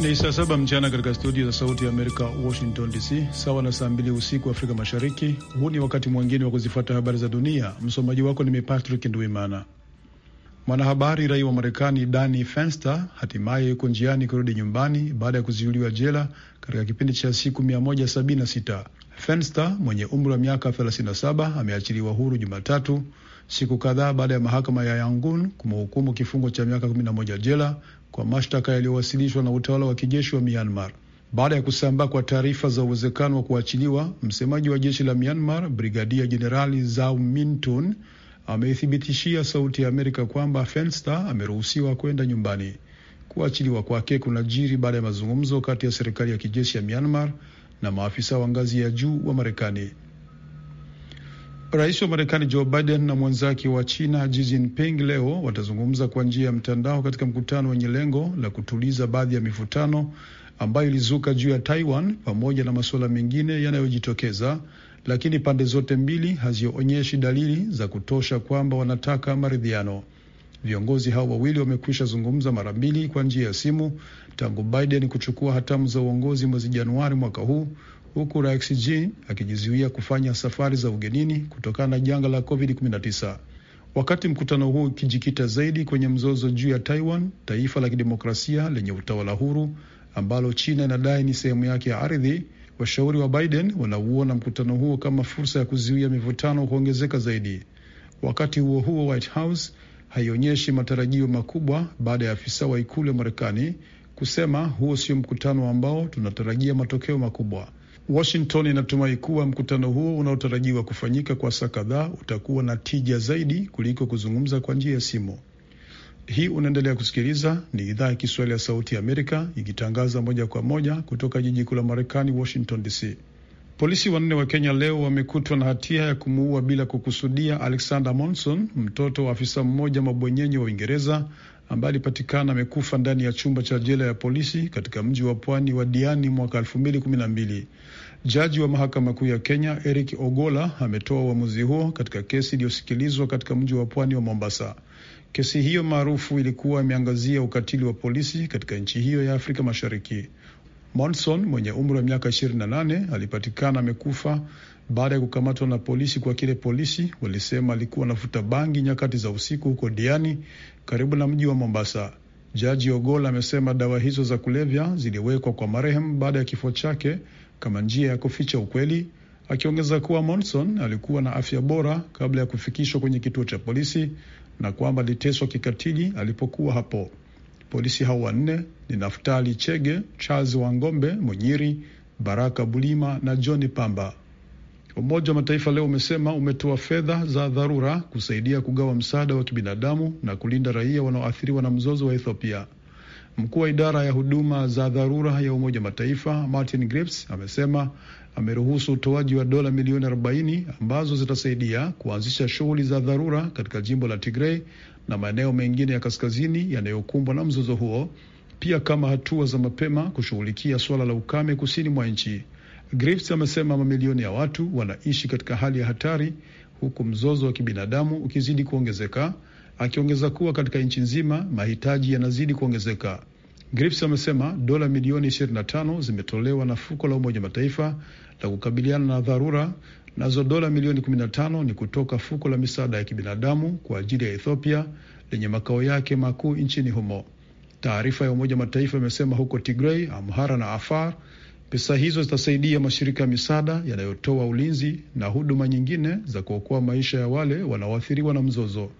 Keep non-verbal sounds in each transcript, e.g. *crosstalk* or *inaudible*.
ni saa saba mchana katika studio za Sauti ya Amerika, Washington DC, sawa na saa mbili usiku Afrika Mashariki. Huu ni wakati mwingine wa kuzifuata habari za dunia. Msomaji wako ni mimi Patrick Ndwimana. Mwanahabari raia wa Marekani Danny Fenster hatimaye yuko njiani kurudi nyumbani baada ya kuzuiliwa jela katika kipindi cha siku 176. Fenster mwenye umri wa miaka 37 ameachiliwa huru Jumatatu, siku kadhaa baada ya mahakama ya Yangon kumhukumu kifungo cha miaka 11 jela kwa mashtaka yaliyowasilishwa na utawala wa kijeshi wa Myanmar. Baada ya kusambaa kwa taarifa za uwezekano wa kuachiliwa, msemaji wa jeshi la Myanmar Brigadia Jenerali Zau Mintun ameithibitishia Sauti ya Amerika kwamba Fenster ameruhusiwa kwenda nyumbani. Kuachiliwa kwake kunajiri baada ya mazungumzo kati ya serikali ya kijeshi ya Myanmar na maafisa wa ngazi ya juu wa Marekani. Rais wa Marekani Joe Biden na mwenzake wa China Xi Jinping leo watazungumza kwa njia ya mtandao katika mkutano wenye lengo la kutuliza baadhi ya mivutano ambayo ilizuka juu ya Taiwan pamoja na masuala mengine yanayojitokeza, lakini pande zote mbili hazionyeshi dalili za kutosha kwamba wanataka maridhiano. Viongozi hao wawili wamekwisha zungumza mara mbili kwa njia ya simu tangu Biden kuchukua hatamu za uongozi mwezi Januari mwaka huu huku Rais Xi akijizuia kufanya safari za ugenini kutokana na janga la COVID-19. Wakati mkutano huu ukijikita zaidi kwenye mzozo juu ya Taiwan, taifa la kidemokrasia lenye utawala huru ambalo China inadai ni sehemu yake ya ardhi, washauri wa Biden wanauona mkutano huo kama fursa ya kuzuia mivutano kuongezeka zaidi. Wakati huo huo, White House haionyeshi matarajio makubwa baada ya afisa wa ikulu ya Marekani kusema huo sio mkutano ambao tunatarajia matokeo makubwa. Washington inatumai kuwa mkutano huo unaotarajiwa kufanyika kwa saa kadhaa utakuwa na tija zaidi kuliko kuzungumza kwa njia ya simu. Hii unaendelea kusikiliza, ni idhaa ya Kiswahili ya Sauti ya Amerika ikitangaza moja kwa moja kutoka jiji kuu la Marekani, Washington DC. Polisi wanne wa Kenya leo wamekutwa na hatia ya kumuua bila kukusudia Alexander Monson, mtoto wa afisa mmoja mabwenyenye wa Uingereza ambaye alipatikana amekufa ndani ya chumba cha jela ya polisi katika mji wa pwani wa Diani mwaka elfu mbili kumi na mbili. Jaji wa mahakama kuu ya Kenya Eric Ogola ametoa uamuzi huo katika kesi iliyosikilizwa katika mji wa pwani wa Mombasa. Kesi hiyo maarufu ilikuwa imeangazia ukatili wa polisi katika nchi hiyo ya Afrika Mashariki. Monson mwenye umri wa miaka 28 alipatikana amekufa baada ya kukamatwa na polisi kwa kile polisi walisema alikuwa anafuta bangi nyakati za usiku huko Diani, karibu na mji wa Mombasa. Jaji Ogola amesema dawa hizo za kulevya ziliwekwa kwa marehemu baada ya kifo chake kama njia ya kuficha ukweli, akiongeza kuwa Monson alikuwa na afya bora kabla ya kufikishwa kwenye kituo cha polisi na kwamba aliteswa kikatili alipokuwa hapo. Polisi hao wanne ni Naftali Chege, Charles Wangombe Munyiri, Baraka Bulima na Johni Pamba. Umoja wa Mataifa leo umesema umetoa fedha za dharura kusaidia kugawa msaada wa kibinadamu na kulinda raia wanaoathiriwa na mzozo wa Ethiopia. Mkuu wa idara ya huduma za dharura ya Umoja Mataifa Martin Grips amesema ameruhusu utoaji wa dola milioni 40 ambazo zitasaidia kuanzisha shughuli za dharura katika jimbo la tigrei na maeneo mengine ya kaskazini yanayokumbwa na mzozo huo, pia kama hatua za mapema kushughulikia suala la ukame kusini mwa nchi. Grips amesema mamilioni ya watu wanaishi katika hali ya hatari huku mzozo wa kibinadamu ukizidi kuongezeka, akiongeza kuwa katika nchi nzima mahitaji yanazidi kuongezeka. Griffiths amesema dola milioni 25 zimetolewa na fuko la Umoja Mataifa la kukabiliana na dharura, nazo dola milioni 15 ni kutoka fuko la misaada ya kibinadamu kwa ajili ya Ethiopia lenye makao yake makuu nchini humo. Taarifa ya Umoja Mataifa imesema huko Tigray, Amhara na Afar, pesa hizo zitasaidia mashirika ya misaada yanayotoa ulinzi na huduma nyingine za kuokoa maisha ya wale wanaoathiriwa na mzozo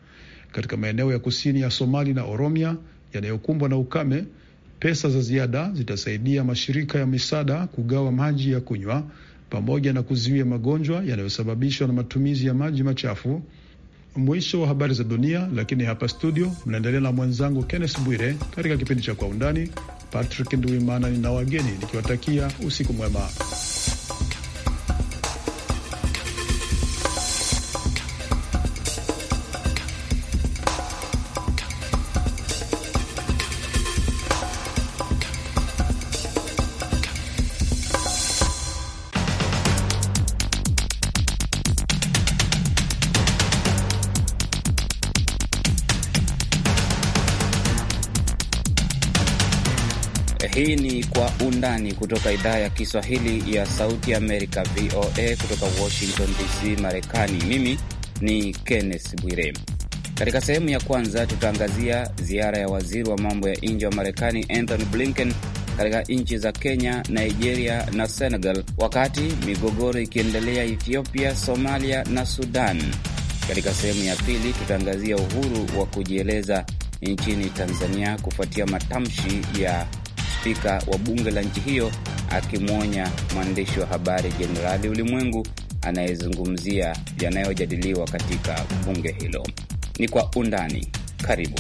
katika maeneo ya kusini ya Somali na Oromia yanayokumbwa na ukame. Pesa za ziada zitasaidia mashirika ya misaada kugawa maji ya kunywa pamoja na kuzuia magonjwa yanayosababishwa na matumizi ya maji machafu. Mwisho wa habari za dunia, lakini hapa studio mnaendelea na mwenzangu Kenneth Bwire katika kipindi cha Kwa Undani. Patrick Nduwimana nina wageni nikiwatakia usiku mwema. Undani kutoka idhaa ya Kiswahili ya Sauti Amerika, VOA, kutoka Washington DC, Marekani. Mimi ni Kenneth Bwire. Katika sehemu ya kwanza, tutaangazia ziara ya waziri wa mambo ya nje wa Marekani Anthony Blinken katika nchi za Kenya, Nigeria na Senegal, wakati migogoro ikiendelea Ethiopia, Somalia na Sudan. Katika sehemu ya pili, tutaangazia uhuru wa kujieleza nchini Tanzania kufuatia matamshi ya spika wa bunge la nchi hiyo akimwonya mwandishi wa habari Jenerali Ulimwengu anayezungumzia yanayojadiliwa katika bunge hilo. Ni kwa undani. Karibu.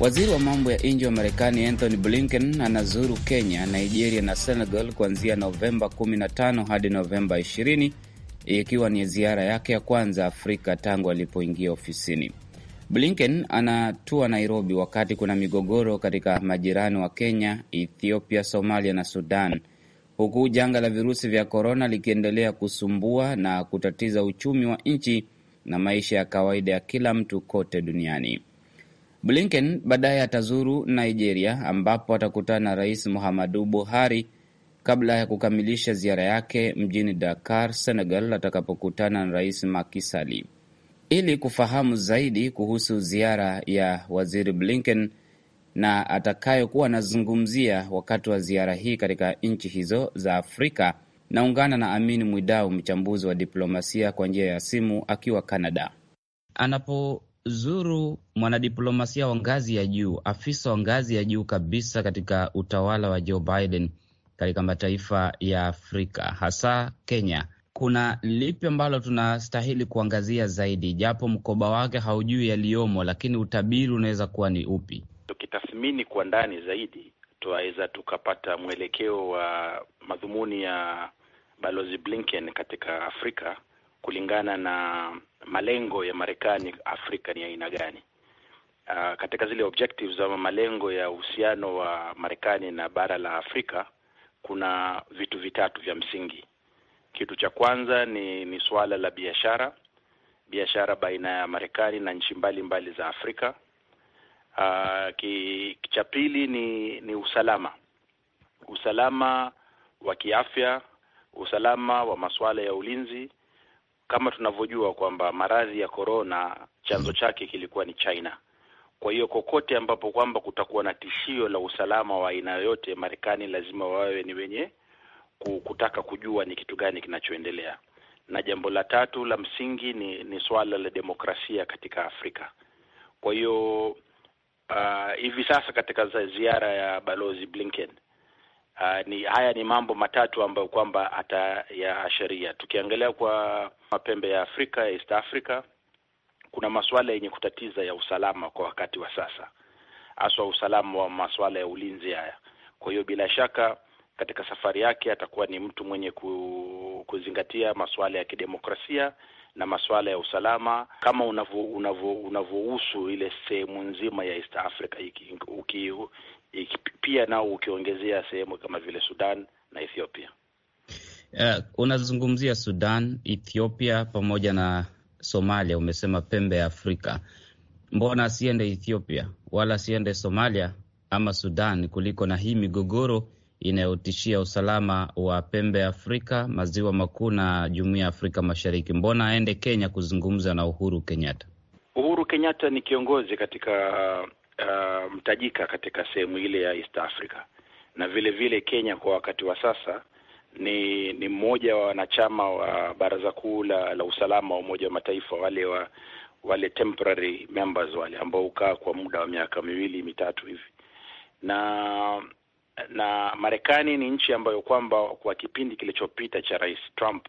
Waziri wa mambo ya nje wa Marekani Anthony Blinken anazuru Kenya, Nigeria na Senegal kuanzia Novemba 15 hadi Novemba 20, ikiwa ni ziara yake ya kwanza Afrika tangu alipoingia ofisini. Blinken anatua Nairobi wakati kuna migogoro katika majirani wa Kenya, Ethiopia, Somalia na Sudan, huku janga la virusi vya korona likiendelea kusumbua na kutatiza uchumi wa nchi na maisha ya kawaida ya kila mtu kote duniani. Blinken baadaye atazuru Nigeria ambapo atakutana na Rais Muhammadu Buhari kabla ya kukamilisha ziara yake mjini Dakar, Senegal, atakapokutana na Rais Macky Sall ili kufahamu zaidi kuhusu ziara ya Waziri Blinken na atakayokuwa anazungumzia wakati wa ziara hii katika nchi hizo za Afrika. Naungana na Amin Mwidau, mchambuzi wa diplomasia kwa njia ya simu akiwa Canada. Anapozuru mwanadiplomasia wa ngazi ya juu, afisa wa ngazi ya juu kabisa katika utawala wa Joe Biden katika mataifa ya Afrika, hasa Kenya, kuna lipi ambalo tunastahili kuangazia zaidi, japo mkoba wake haujui yaliyomo, lakini utabiri unaweza kuwa ni upi? Tukitathmini kwa ndani zaidi, tunaweza tukapata mwelekeo wa madhumuni ya Balozi Blinken katika Afrika kulingana na malengo ya Marekani Afrika ni aina gani. Uh, katika zile objectives ama malengo ya uhusiano wa Marekani na bara la Afrika kuna vitu vitatu vya msingi kitu cha kwanza ni ni suala la biashara, biashara baina ya Marekani na nchi mbalimbali za Afrika. Ah, cha pili ni ni usalama, usalama wa kiafya, usalama wa masuala ya ulinzi. Kama tunavyojua kwamba maradhi ya korona chanzo chake kilikuwa ni China. Kwa hiyo kokote ambapo kwamba kutakuwa na tishio la usalama wa aina yoyote, Marekani lazima wawe ni wenye kutaka kujua ni kitu gani kinachoendelea. Na jambo la tatu la msingi ni, ni swala la demokrasia katika Afrika. Kwa hiyo uh, hivi sasa katika ziara ya Balozi Blinken uh, ni haya ni mambo matatu ambayo kwamba atayaashiria. Tukiangalia kwa mapembe ya Afrika ya East Africa, kuna masuala yenye kutatiza ya usalama kwa wakati wa sasa, haswa usalama wa masuala ya ulinzi haya. Kwa hiyo bila shaka katika safari yake atakuwa ni mtu mwenye kuzingatia masuala ya kidemokrasia na masuala ya usalama kama unavyohusu ile sehemu nzima ya East Africa iki, uki, iki, pia nao ukiongezea sehemu kama vile Sudan na Ethiopia. Uh, unazungumzia Sudan, Ethiopia pamoja na Somalia. Umesema pembe ya Afrika, mbona asiende Ethiopia wala asiende Somalia ama Sudan kuliko na hii migogoro inayotishia usalama wa pembe ya Afrika, maziwa makuu na jumuiya ya Afrika Mashariki. Mbona aende Kenya kuzungumza na Uhuru Kenyatta? Uhuru Kenyatta ni kiongozi katika uh, mtajika katika sehemu ile ya East Africa, na vile vile Kenya kwa wakati wa sasa ni ni mmoja wa wanachama wa Baraza Kuu la, la Usalama wa Umoja wa Mataifa, wale wa wale temporary members wale ambao hukaa kwa muda wa miaka miwili mitatu hivi, na na Marekani ni nchi ambayo kwamba kwa kipindi kilichopita cha Rais Trump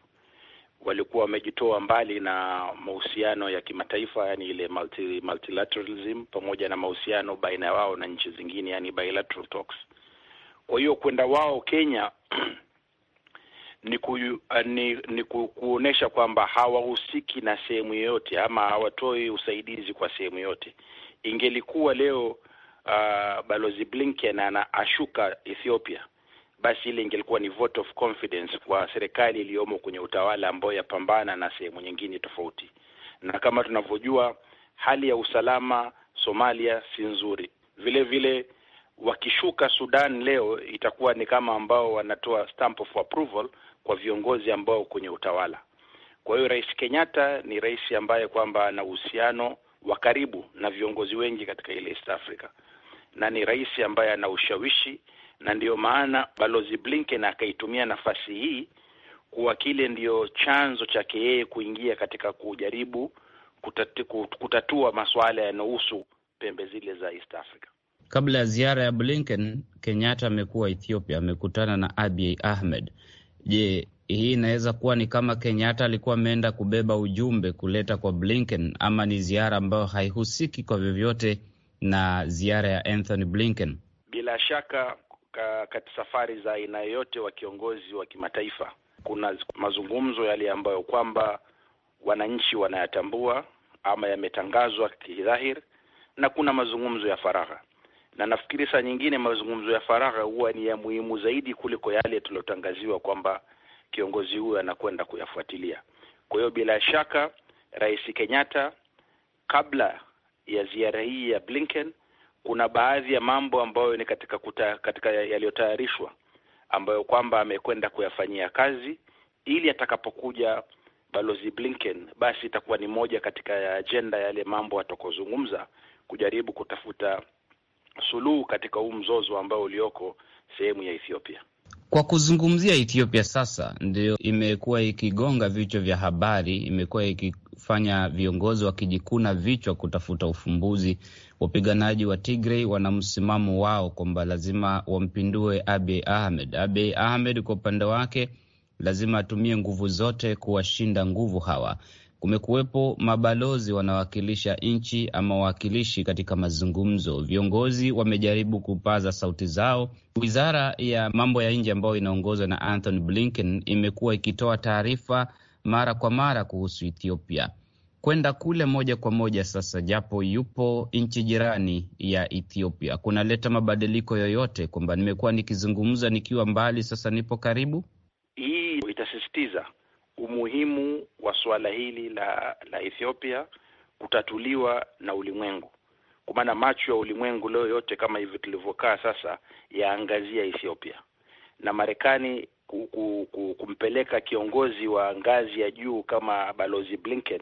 walikuwa wamejitoa mbali na mahusiano ya kimataifa, yani ile multi, multilateralism pamoja na mahusiano baina ya wao na nchi zingine, yani bilateral talks. Kwa hiyo kwenda wao Kenya *clears throat* ni, ku, ni, ni ku, kuonesha kwamba hawahusiki na sehemu yoyote ama hawatoi usaidizi kwa sehemu yoyote. Ingelikuwa leo uh, balozi Blinken ana ashuka Ethiopia, basi ile ingelikuwa ni vote of confidence kwa serikali iliyomo kwenye utawala ambayo yapambana na sehemu nyingine tofauti, na kama tunavyojua hali ya usalama Somalia si nzuri vile vile. Wakishuka Sudan leo itakuwa ni kama ambao wanatoa stamp of approval kwa viongozi ambao kwenye utawala. Kwa hiyo Rais Kenyatta ni rais ambaye kwamba ana uhusiano wa karibu na viongozi wengi katika ile East Africa na ni rais ambaye ana ushawishi, na ndiyo maana balozi Blinken akaitumia nafasi hii kuwa kile ndiyo chanzo chake yeye kuingia katika kujaribu kutatua masuala yanayohusu pembe zile za East Africa. Kabla ya ziara ya Blinken, Kenyatta amekuwa Ethiopia, amekutana na Abiy Ahmed. Je, hii inaweza kuwa ni kama Kenyatta alikuwa ameenda kubeba ujumbe kuleta kwa Blinken, ama ni ziara ambayo haihusiki kwa vyovyote na ziara ya Anthony Blinken. Bila shaka katika safari za aina yoyote wa kiongozi wa kimataifa kuna mazungumzo yale ambayo kwamba wananchi wanayatambua ama yametangazwa kidhahiri, na kuna mazungumzo ya faragha, na nafikiri saa nyingine mazungumzo ya faragha huwa ni ya muhimu zaidi kuliko yale tuliyotangaziwa kwamba kiongozi huyo anakwenda kuyafuatilia. Kwa hiyo bila shaka Rais Kenyatta kabla ya ziara hii ya Blinken kuna baadhi ya mambo ambayo ni katika kuta, katika yaliyotayarishwa ambayo kwamba amekwenda kuyafanyia kazi ili atakapokuja Balozi Blinken basi itakuwa ni moja katika ajenda yale mambo atakozungumza kujaribu kutafuta suluhu katika huu mzozo ambao ulioko sehemu ya Ethiopia. Kwa kuzungumzia Ethiopia sasa, ndio imekuwa ikigonga vichwa vya habari, imekuwa kufanya viongozi wakijikuna vichwa kutafuta ufumbuzi. Wapiganaji wa Tigray wana msimamo wao kwamba lazima wampindue Abiy Ahmed. Abiy Ahmed kwa upande wake lazima atumie nguvu zote kuwashinda nguvu hawa. Kumekuwepo mabalozi wanawakilisha nchi ama wawakilishi katika mazungumzo. Viongozi wamejaribu kupaza sauti zao. Wizara ya mambo ya nje ambayo inaongozwa na Anthony Blinken imekuwa ikitoa taarifa mara kwa mara kuhusu Ethiopia kwenda kule moja kwa moja sasa, japo yupo nchi jirani ya Ethiopia, kunaleta mabadiliko yoyote? Kwamba nimekuwa nikizungumza nikiwa mbali, sasa nipo karibu. Hii itasisitiza umuhimu wa suala hili la la Ethiopia kutatuliwa na ulimwengu, kwa maana macho ya ulimwengu leo yote, kama hivi tulivyokaa sasa, yaangazia Ethiopia na Marekani kumpeleka kiongozi wa ngazi ya juu kama Balozi Blinken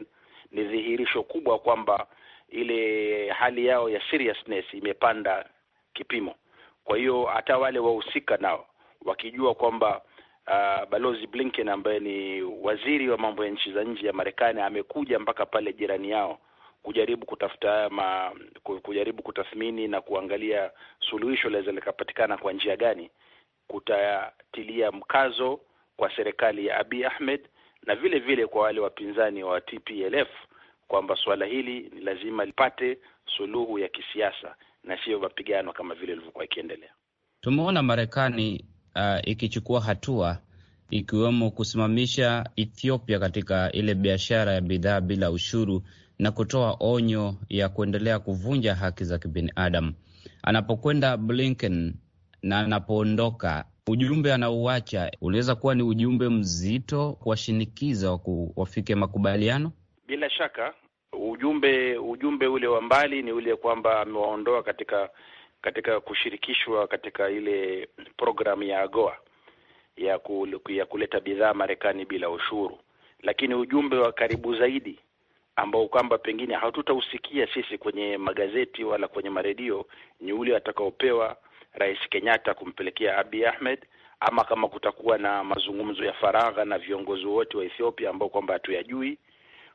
ni dhihirisho kubwa kwamba ile hali yao ya seriousness imepanda kipimo. Kwa hiyo hata wale wahusika nao wakijua kwamba uh, Balozi Blinken ambaye ni waziri wa mambo ya nchi za nje ya Marekani amekuja mpaka pale jirani yao kujaribu kutafuta ma, kujaribu kutathmini na kuangalia suluhisho laweza likapatikana kwa njia gani kutatilia mkazo kwa serikali ya Abiy Ahmed na vile vile kwa wale wapinzani wa TPLF kwamba suala hili ni lazima lipate suluhu ya kisiasa na siyo mapigano kama vile ilivyokuwa ikiendelea. Tumeona Marekani uh, ikichukua hatua ikiwemo kusimamisha Ethiopia katika ile biashara ya bidhaa bila ushuru na kutoa onyo ya kuendelea kuvunja haki za kibinadamu. Anapokwenda Blinken na anapoondoka ujumbe anauacha unaweza kuwa ni ujumbe mzito kuwashinikiza wafike makubaliano. Bila shaka ujumbe ujumbe ule wa mbali ni ule kwamba amewaondoa katika katika kushirikishwa katika ile programu ya AGOA ya, kul, ya kuleta bidhaa Marekani bila ushuru, lakini ujumbe wa karibu zaidi ambao kwamba pengine hatutausikia sisi kwenye magazeti wala kwenye maredio ni ule atakaopewa Rais Kenyatta kumpelekea Abiy Ahmed ama kama kutakuwa na mazungumzo ya faragha na viongozi wote wa Ethiopia ambao kwamba hatuyajui.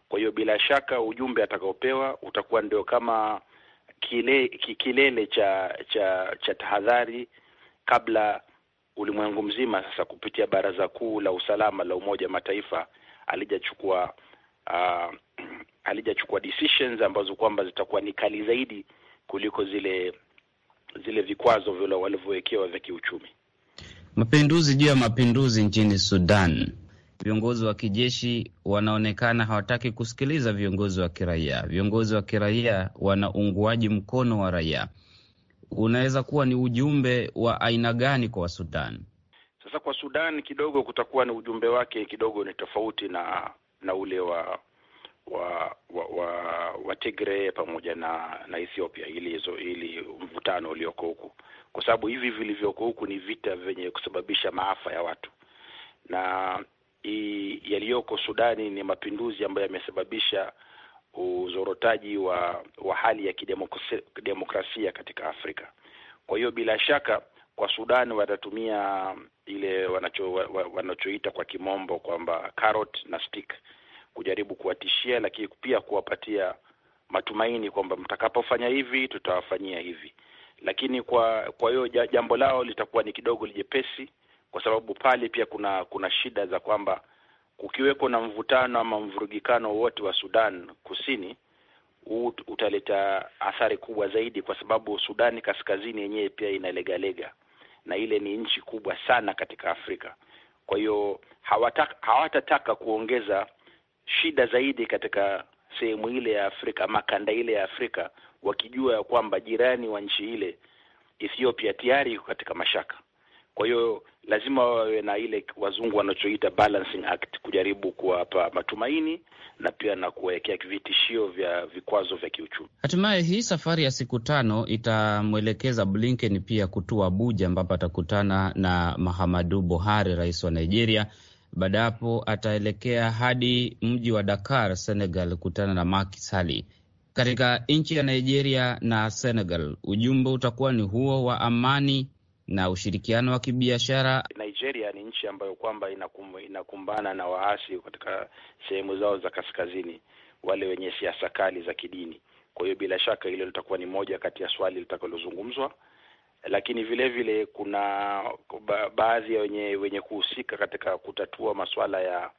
Kwa hiyo bila shaka ujumbe atakaopewa utakuwa ndio kama kile, kilele cha cha cha tahadhari kabla ulimwengu mzima sasa kupitia Baraza Kuu la Usalama la Umoja wa Mataifa alijachukua uh, alijachukua decisions ambazo kwamba zitakuwa ni kali zaidi kuliko zile zile vikwazo vile walivyowekewa vya kiuchumi. Mapinduzi juu ya mapinduzi nchini Sudan, viongozi wa kijeshi wanaonekana hawataki kusikiliza viongozi wa kiraia. Viongozi wa kiraia wana unguaji mkono wa raia. Unaweza kuwa ni ujumbe wa aina gani kwa Sudan? Sasa kwa Sudan kidogo kutakuwa ni ujumbe wake kidogo ni tofauti na na ule wa wa, wa, wa, wa Tigre pamoja na na Ethiopia, ili ili mvutano ulioko huku, kwa sababu hivi vilivyoko huku ni vita vyenye kusababisha maafa ya watu, na yaliyoko Sudani ni mapinduzi ambayo yamesababisha uzorotaji wa wa hali ya kidemokrasia katika Afrika. Kwa hiyo bila shaka kwa Sudan watatumia ile wanacho, wanachoita kwa kimombo kwamba carrot na stick kujaribu kuwatishia, lakini pia kuwapatia matumaini kwamba mtakapofanya hivi tutawafanyia hivi. Lakini kwa kwa hiyo jambo lao litakuwa ni kidogo lijepesi, kwa sababu pale pia kuna kuna shida za kwamba kukiweko na mvutano ama mvurugikano wote wa Sudan Kusini utaleta athari kubwa zaidi, kwa sababu Sudani Kaskazini yenyewe pia inalegalega na ile ni nchi kubwa sana katika Afrika. Kwa hiyo hawatataka hawata kuongeza shida zaidi katika sehemu ile ya Afrika ama kanda ile ya Afrika, wakijua ya kwamba jirani wa nchi ile Ethiopia tayari iko katika mashaka. Kwa hiyo lazima wawe na ile wazungu wanachoita balancing act, kujaribu kuwapa matumaini na pia na kuwekea vitishio vya vikwazo vya kiuchumi. Hatimaye hii safari ya siku tano itamwelekeza Blinken pia kutua Abuja, ambapo atakutana na Mahamadu Buhari, rais wa Nigeria baada hapo ataelekea hadi mji wa Dakar, Senegal, kutana na Macky Sall. Katika nchi ya Nigeria na Senegal, ujumbe utakuwa ni huo wa amani na ushirikiano wa kibiashara. Nigeria ni nchi ambayo kwamba inakum, inakumbana na waasi katika sehemu zao za kaskazini, wale wenye siasa kali za kidini. Kwa hiyo bila shaka hilo litakuwa ni moja kati ya swali litakalozungumzwa lakini vile vile kuna ba baadhi ya wenye wenye kuhusika katika kutatua masuala ya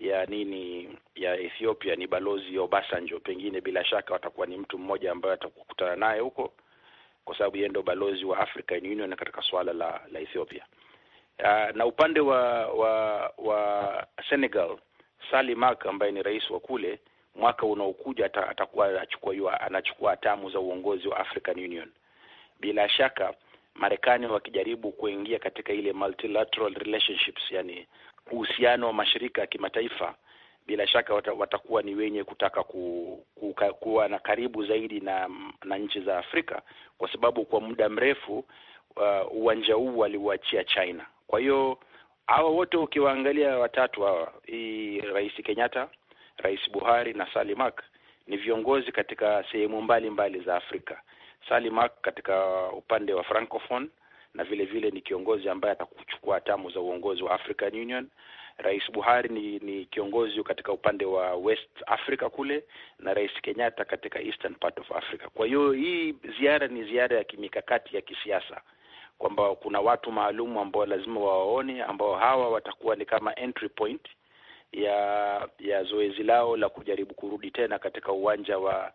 ya nini ya Ethiopia ni balozi Obasanjo. Pengine bila shaka watakuwa ni mtu mmoja ambaye atakukutana naye huko, kwa sababu yeye ndo balozi wa African Union katika suala la la Ethiopia. Uh, na upande wa wa wa Senegal, Sali Mak ambaye ni rais wa kule, mwaka unaokuja atakuwa anachukua hatamu za uongozi wa African Union bila shaka Marekani wakijaribu kuingia katika ile multilateral relationships, yani uhusiano wa mashirika ya kimataifa, bila shaka watakuwa ni wenye kutaka ku, ku, kuwa na karibu zaidi na, na nchi za Afrika kwa sababu kwa muda mrefu uh, uwanja huu waliuachia China. Kwa hiyo hawa wote ukiwaangalia watatu hawa, hii Rais Kenyatta, Rais Buhari na Salimak ni viongozi katika sehemu mbalimbali za Afrika Salimak katika upande wa francophone, na vile vile ni kiongozi ambaye atakuchukua hatamu za uongozi wa African Union. Rais Buhari ni, ni kiongozi katika upande wa West Africa kule na Rais Kenyatta katika Eastern part of Africa. Kwa hiyo hii ziara ni ziara ya kimikakati ya kisiasa kwamba kuna watu maalum ambao lazima wawaone, ambao hawa watakuwa ni kama entry point ya ya zoezi lao la kujaribu kurudi tena katika uwanja wa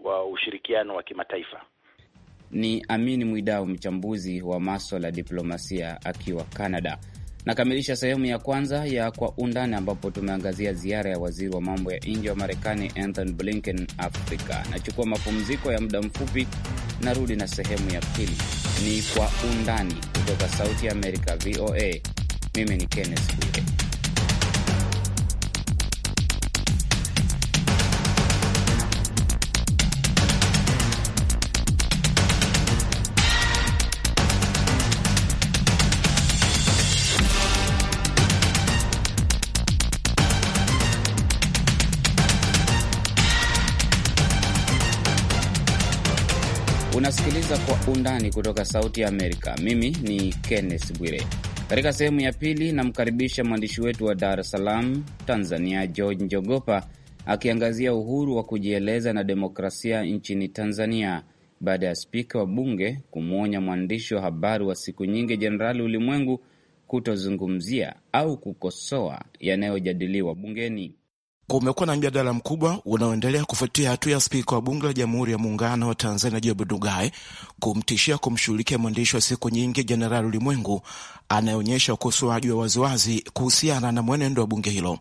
wa ushirikiano wa kimataifa. Ni Amin Mwidau, mchambuzi wa maswala ya diplomasia akiwa Canada. Nakamilisha sehemu ya kwanza ya Kwa Undani, ambapo tumeangazia ziara ya waziri wa mambo ya nje wa Marekani Anthony Blinken Afrika. Nachukua mapumziko ya muda mfupi, narudi na sehemu ya pili. Ni Kwa Undani kutoka Sauti ya Amerika, VOA. Mimi ni Kenneth Bwire. kusikiliza Kwa Undani kutoka Sauti ya Amerika. Mimi ni Kenneth Bwire. Katika sehemu ya pili, namkaribisha mwandishi wetu wa Dar es Salaam, Tanzania, George Njogopa akiangazia uhuru wa kujieleza na demokrasia nchini Tanzania baada ya spika wa bunge kumwonya mwandishi wa habari wa siku nyingi Jenerali Ulimwengu kutozungumzia au kukosoa yanayojadiliwa bungeni. Kumekuwa na mjadala mkubwa unaoendelea kufuatia hatua ya spika wa bunge la Jamhuri ya Muungano wa Tanzania Job Ndugai kumtishia kumshughulikia mwandishi wa siku nyingi Jenerali Ulimwengu anayeonyesha ukosoaji wa waziwazi kuhusiana na mwenendo wa bunge hilo.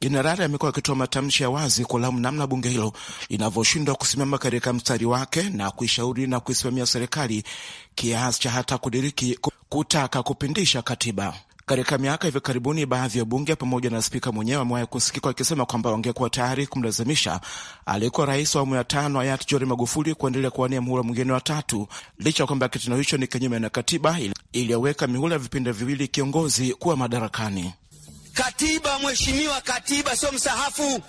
Jenerali amekuwa akitoa matamshi ya wazi kulaumu namna bunge hilo linavyoshindwa kusimama katika mstari wake na kuishauri na kuisimamia serikali kiasi cha hata kudiriki kutaka kupindisha katiba. Katika miaka hivi karibuni, baadhi ya bunge pamoja na spika mwenyewe wamewahi kusikika wakisema kwamba wangekuwa tayari kumlazimisha aliyekuwa rais wa awamu ya tano hayati John Magufuli kuendelea kuwania muhula mwingine wa tatu, licha ya kwamba kitendo hicho ni kinyume na katiba iliyoweka mihula ya vipindi viwili kiongozi kuwa madarakani. Katiba mheshimiwa, katiba sio msahafu,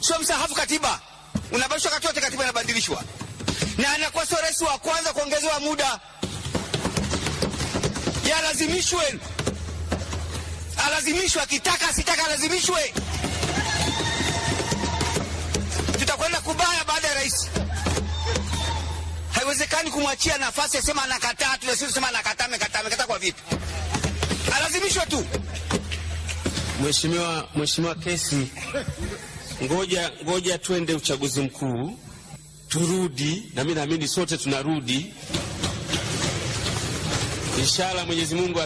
sio msahafu. Katiba unabadilishwa wakati wote, katiba inabadilishwa, na anakuwa sio rais wa kwanza kuongezewa muda yalazimishwe, alazimishwe, akitaka asitaka alazimishwe. Tutakwenda kubaya baada ya rais. Haiwezekani kumwachia nafasi asema anakataa tu, sema anakataa. Amekataa, amekataa kwa vipi? Alazimishwe tu. Mheshimiwa, Mheshimiwa Kesi, ngoja ngoja twende uchaguzi mkuu turudi, na mimi naamini sote tunarudi. Inshallah Mwenyezi Mungu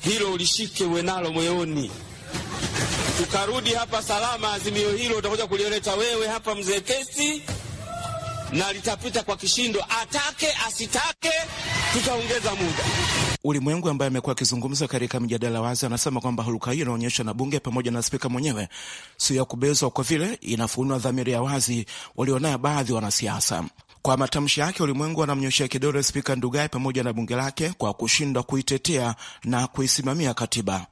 hilo ulishike wenalo moyoni, tukarudi hapa salama. Azimio hilo utakuja kulioleta wewe hapa mzee Kesi, na litapita kwa kishindo, atake asitake, tutaongeza muda. Ulimwengu ambaye amekuwa akizungumza katika mjadala wazi anasema kwamba huruka hiyo inaonyeshwa na bunge pamoja na spika mwenyewe, sio ya kubezwa, kwa vile inafunua dhamira ya wazi walionayo baadhi wanasiasa. Kwa matamshi yake, ulimwengu anamnyoshea kidole Spika Ndugai pamoja na bunge lake kwa kushindwa kuitetea na kuisimamia katiba.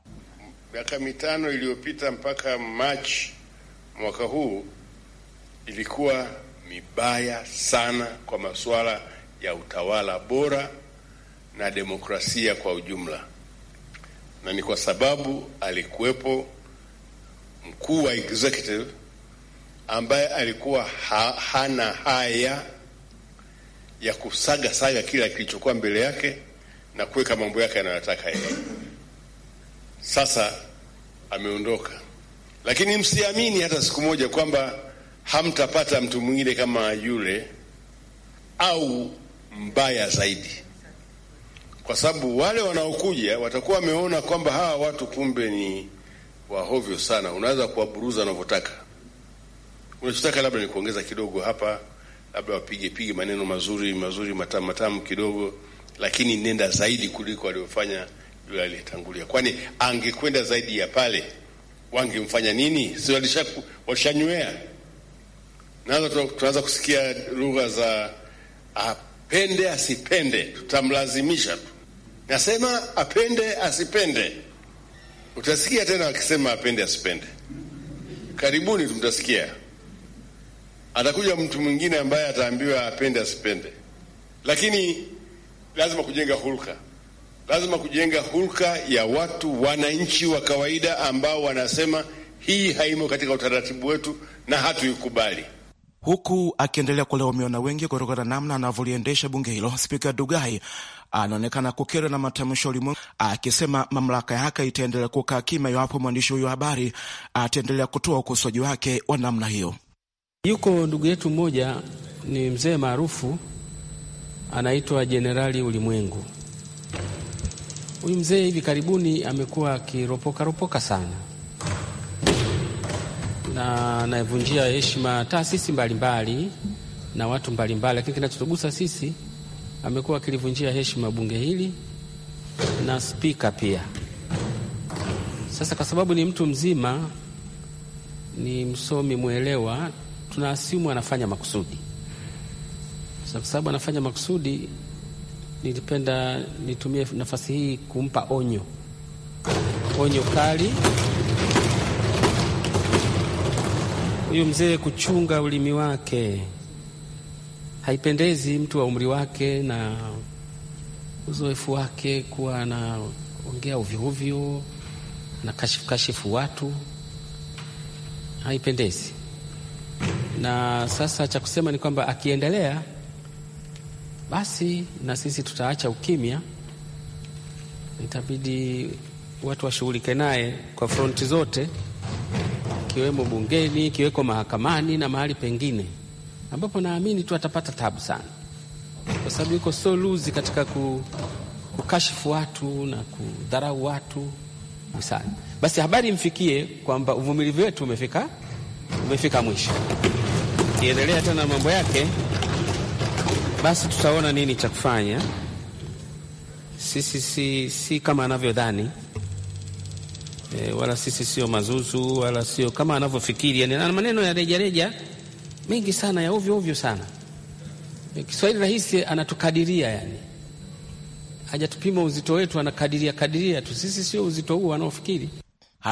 Miaka mitano iliyopita mpaka Machi mwaka huu ilikuwa mibaya sana kwa masuala ya utawala bora na demokrasia kwa ujumla, na ni kwa sababu alikuwepo mkuu wa executive ambaye alikuwa ha hana haya ya kusaga saga kila kilichokuwa mbele yake na kuweka mambo yake anayotaka yeye. Sasa ameondoka, lakini msiamini hata siku moja kwamba hamtapata mtu mwingine kama yule au mbaya zaidi, kwa sababu wale wanaokuja watakuwa wameona kwamba hawa watu kumbe ni wahovyo sana, unaweza kuwaburuza unavyotaka. Unachotaka labda ni kuongeza kidogo hapa labda wapige pige maneno mazuri mazuri matamu matamu kidogo, lakini nenda zaidi kuliko aliyofanya yule aliyetangulia, kwani angekwenda zaidi ya pale wangemfanya nini? Si walishanywea. Nazo tunaanza kusikia lugha za apende asipende, tutamlazimisha tu. Nasema apende asipende, utasikia tena wakisema apende asipende. Karibuni tumtasikia. Atakuja mtu mwingine ambaye ataambiwa apende asipende, lakini lazima kujenga hulka, lazima kujenga hulka ya watu, wananchi wa kawaida ambao wanasema hii haimo katika utaratibu wetu na hatuikubali. Huku akiendelea kulaumiwa na wengi kutokana na namna anavyoliendesha bunge hilo, Spika Dugai anaonekana kukerwa na matamsho ulimwengu, akisema mamlaka yake itaendelea kukaa kima iwapo mwandishi huyo habari ataendelea kutoa ukosoaji wake wa namna hiyo. Yuko ndugu yetu mmoja ni mzee maarufu anaitwa Jenerali Ulimwengu. Huyu mzee hivi karibuni amekuwa akiropokaropoka sana na anavunjia heshima taasisi mbalimbali na watu mbalimbali, lakini kinachotugusa sisi amekuwa akilivunjia heshima bunge hili na spika pia. Sasa kwa sababu ni mtu mzima, ni msomi mwelewa tunaasimu anafanya makusudi. Kwa sababu anafanya makusudi, nilipenda nitumie nafasi hii kumpa onyo, onyo kali huyu mzee kuchunga ulimi wake. Haipendezi mtu wa umri wake na uzoefu wake kuwa anaongea ovyoovyo na kashifu kashifu watu, haipendezi na sasa cha kusema ni kwamba akiendelea, basi na sisi tutaacha ukimya, itabidi watu washughulike naye kwa fronti zote, ikiwemo bungeni, ikiweko mahakamani na mahali pengine, ambapo naamini tu atapata tabu sana, kwa sababu yuko so luzi katika ku, kukashifu watu na kudharau watu sana. Basi habari imfikie kwamba uvumilivu wetu umefika umefika mwisho. kiendelea tena mambo yake, basi tutaona nini cha kufanya. Sisi si, si kama anavyodhani e, wala sisi sio mazuzu wala sio kama anavyofikiri. Yani ana maneno ya rejareja mengi sana ya ovyo ovyo sana. E, Kiswahili rahisi anatukadiria, yani hajatupima uzito wetu, anakadiria kadiria tu. Sisi sio uzito huu anaofikiri.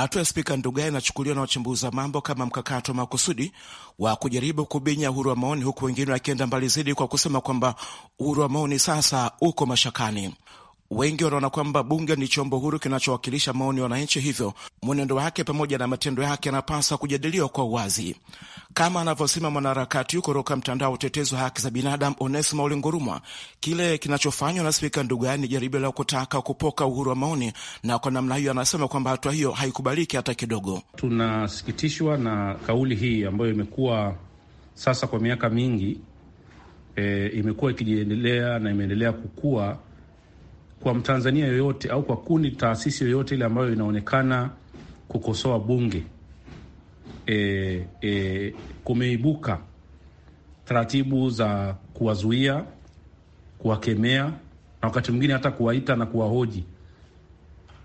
Hatua ya Spika Ndugai inachukuliwa na wachambuzi wa mambo kama mkakati wa makusudi wa kujaribu kubinya uhuru wa maoni, huku wengine wakienda mbali zaidi kwa kusema kwamba uhuru wa maoni sasa uko mashakani. Wengi wanaona kwamba bunge ni chombo huru kinachowakilisha maoni ya wananchi, hivyo mwenendo wake pamoja na matendo yake yanapaswa kujadiliwa kwa uwazi, kama anavyosema mwanaharakati kutoka mtandao wa utetezi wa haki za binadamu Onesmo Ulingurumwa. Kile kinachofanywa na spika Ndugai ni jaribio la kutaka kupoka uhuru wa maoni, na kwa namna hiyo anasema kwamba hatua hiyo haikubaliki hata kidogo. Tunasikitishwa na kauli hii ambayo imekuwa sasa kwa miaka mingi, e, imekuwa ikijiendelea na imeendelea kukua kwa Mtanzania yoyote au kwa kundi, taasisi yoyote ile ambayo inaonekana kukosoa bunge e, e, kumeibuka taratibu za kuwazuia, kuwakemea na wakati mwingine hata kuwaita na kuwahoji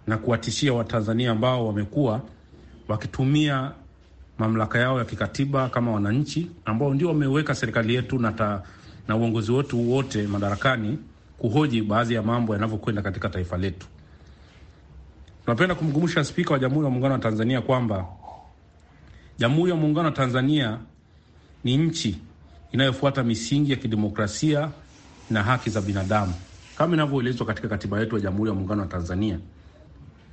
na kuwatishia Watanzania ambao wamekuwa wakitumia mamlaka yao ya kikatiba kama wananchi ambao ndio wameweka serikali yetu na, ta, na uongozi wetu wote madarakani kuhoji baadhi ya mambo yanavyokwenda katika taifa letu. Tunapenda kumkumbusha Spika wa Jamhuri ya Muungano wa Tanzania kwamba Jamhuri ya Muungano wa Tanzania ni nchi inayofuata misingi ya kidemokrasia na haki za binadamu kama inavyoelezwa katika katiba yetu ya Jamhuri ya Muungano wa Tanzania,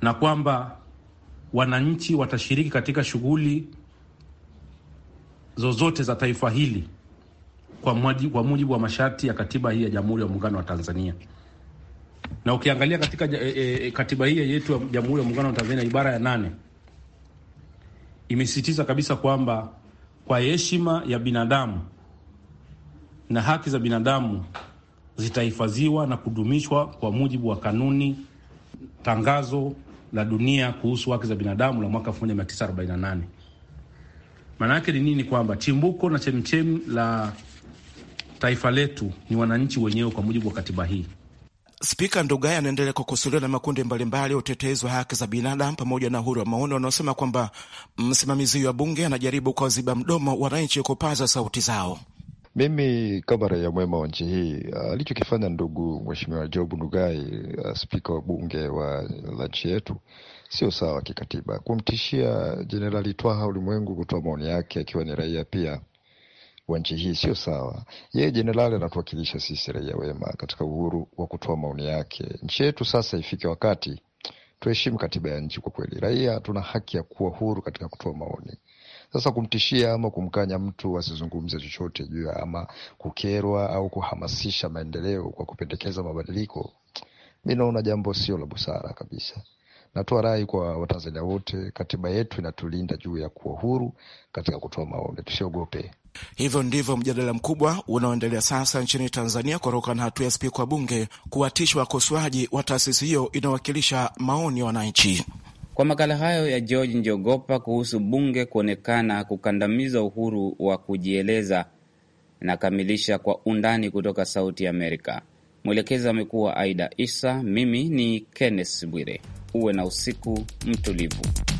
na kwamba wananchi watashiriki katika shughuli zozote za taifa hili kwa mujibu wa masharti ya katiba hii ya Jamhuri ya Muungano wa Tanzania. Na ukiangalia katika e, e, katiba hii yetu ya Jamhuri ya Muungano wa Tanzania, ibara ya nane imesisitiza kabisa kwamba kwa heshima ya binadamu na haki za binadamu zitahifadhiwa na kudumishwa kwa mujibu wa kanuni tangazo la dunia kuhusu haki za binadamu la mwaka 1948. Maana yake ni nini? Kwamba chimbuko na chemchemi la taifa letu ni wananchi wenyewe kwa mujibu wa katiba hii. Spika Ndugai anaendelea kukosolewa na makundi mbalimbali ya utetezi wa haki za binadamu pamoja na uhuru wa maoni wanaosema kwamba msimamizi wa bunge anajaribu kuwaziba mdomo wananchi kupaza sauti zao. Mimi kama raia mwema wa nchi hii, uh, alichokifanya ndugu mheshimiwa Job Ndugai, uh, spika wa bunge wa la nchi yetu, sio sawa kikatiba. Kumtishia Jenerali Twaha Ulimwengu kutoa maoni yake akiwa ni raia pia wa nchi hii sio sawa. Yeye jenerali anatuwakilisha sisi raia wema katika uhuru wa kutoa maoni yake. Nchi yetu sasa ifike wakati tuheshimu katiba ya nchi. Kwa kweli, raia tuna haki ya kuwa huru katika kutoa maoni. Sasa kumtishia ama kumkanya mtu asizungumze chochote juu ya ama kukerwa au kuhamasisha maendeleo kwa kupendekeza mabadiliko, mi naona jambo sio la busara kabisa. Natoa rai kwa Watanzania wote, katiba yetu inatulinda juu ya kuwa huru katika kutoa maoni, tusiogope. Hivyo ndivyo mjadala mkubwa unaoendelea sasa nchini Tanzania kutoka na hatua ya spika wa bunge kuwatisha wakosoaji wa taasisi hiyo inayowakilisha maoni ya wananchi. Kwa makala hayo ya George Njogopa kuhusu bunge kuonekana kukandamiza uhuru wa kujieleza, nakamilisha kwa undani kutoka Sauti ya Amerika. Mwelekezi amekuwa Aida Isa, mimi ni Kenneth Bwire. Uwe na usiku mtulivu.